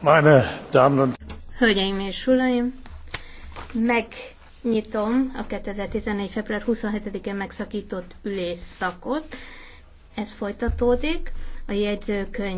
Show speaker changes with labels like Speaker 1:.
Speaker 1: Meine Damen und
Speaker 2: Hölgyeim és Uraim, megnyitom a 2014. február 27-én megszakított ülésszakot. Ez folytatódik. A jegyzőkönyv